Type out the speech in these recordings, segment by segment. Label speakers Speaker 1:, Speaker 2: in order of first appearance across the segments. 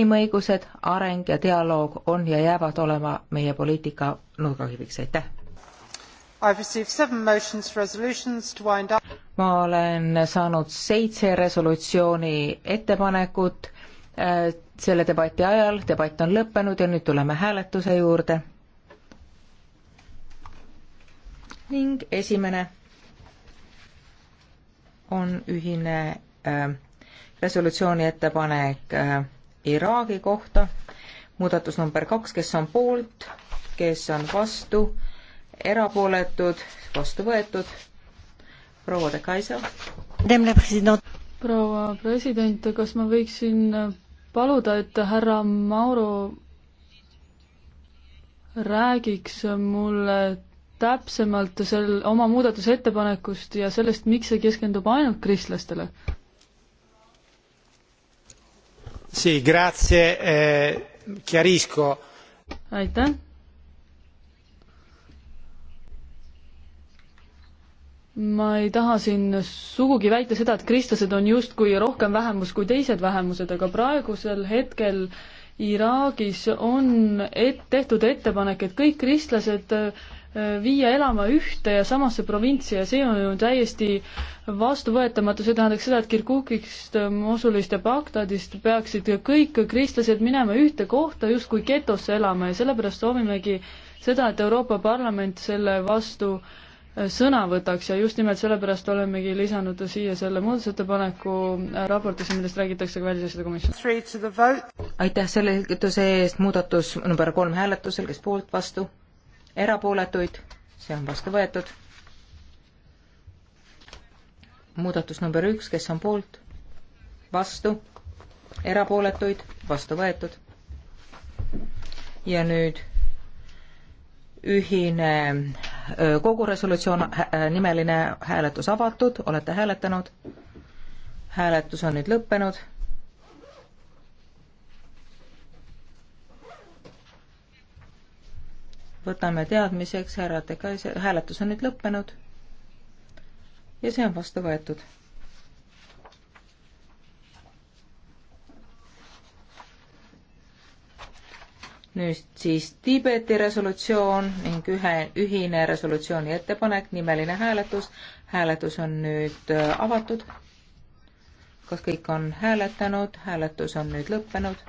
Speaker 1: inimõigused, areng ja dialoog on ja jäävad olema meie poliitika nurgakiviks, aitäh! ma olen saanud seitse resolutsiooni ettepanekut äh, selle debati ajal, debatt on lõppenud ja nüüd tuleme hääletuse juurde. ning esimene on ühine äh, resolutsiooni ettepanek äh, Iraagi kohta. muudatus number kaks, kes on poolt, kes on vastu, erapooletud, vastu võetud. proua de Kaisa.
Speaker 2: proua president, kas ma võiksin paluda, et härra Mauro räägiks mulle täpsemalt sel, oma muudatusettepanekust ja sellest, miks see keskendub ainult kristlastele? Sì, grazie. Eh, chiarisco. Aitäh. ma ei taha siin sugugi väita seda, et kristlased on justkui rohkem vähemus kui teised vähemused, aga praegusel hetkel Iraagis on et-, tehtud ettepanek, et kõik kristlased äh, viia elama ühte ja samasse provintsi ja see on ju täiesti vastuvõetamatu, see tähendaks seda, et Kirkukist, ähm, Mosulist ja Bagdadist peaksid kõik kristlased minema ühte kohta justkui getosse elama ja sellepärast soovimegi seda, et Euroopa Parlament selle vastu äh, sõna võtaks ja just nimelt sellepärast olemegi lisanud siia selle muudatusettepaneku äh, raportisse, millest räägitakse ka välisasjade komisjonis.
Speaker 1: aitäh selle selgituse eest, muudatus number kolm hääletusel, kes poolt, vastu? erapooletuid, see on vastu võetud. muudatus number üks, kes on poolt, vastu, erapooletuid, vastu võetud. ja nüüd ühine kogu resolutsioon, äh, nimeline hääletus avatud, olete hääletanud? hääletus on nüüd lõppenud võtame teadmiseks härra Dekaise, hääletus on nüüd lõppenud ja see on vastu võetud. nüüd siis Tiibeti resolutsioon ning ühe, ühine resolutsiooni ettepanek, nimeline hääletus. hääletus on nüüd äh, avatud. kas kõik on hääletanud, hääletus on nüüd lõppenud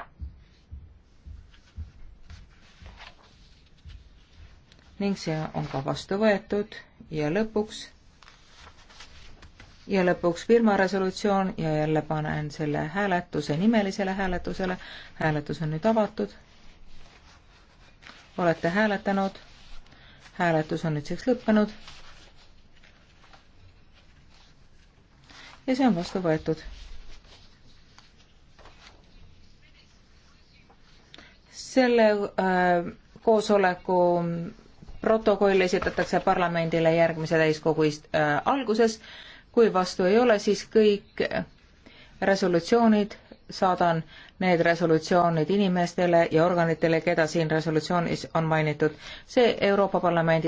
Speaker 1: ning see on ka vastu võetud ja lõpuks ja lõpuks Birma resolutsioon ja jälle panen selle hääletuse nimelisele hääletusele. hääletus on nüüd avatud. olete hääletanud. hääletus on nüüdseks lõppenud. ja see on vastu võetud. selle äh, koosoleku protokoll esitatakse parlamendile järgmise täiskogu ist- äh,, alguses. kui vastu ei ole, siis kõik resolutsioonid, saadan need resolutsioonid inimestele ja organitele, keda siin resolutsioonis on mainitud. see Euroopa Parlamendi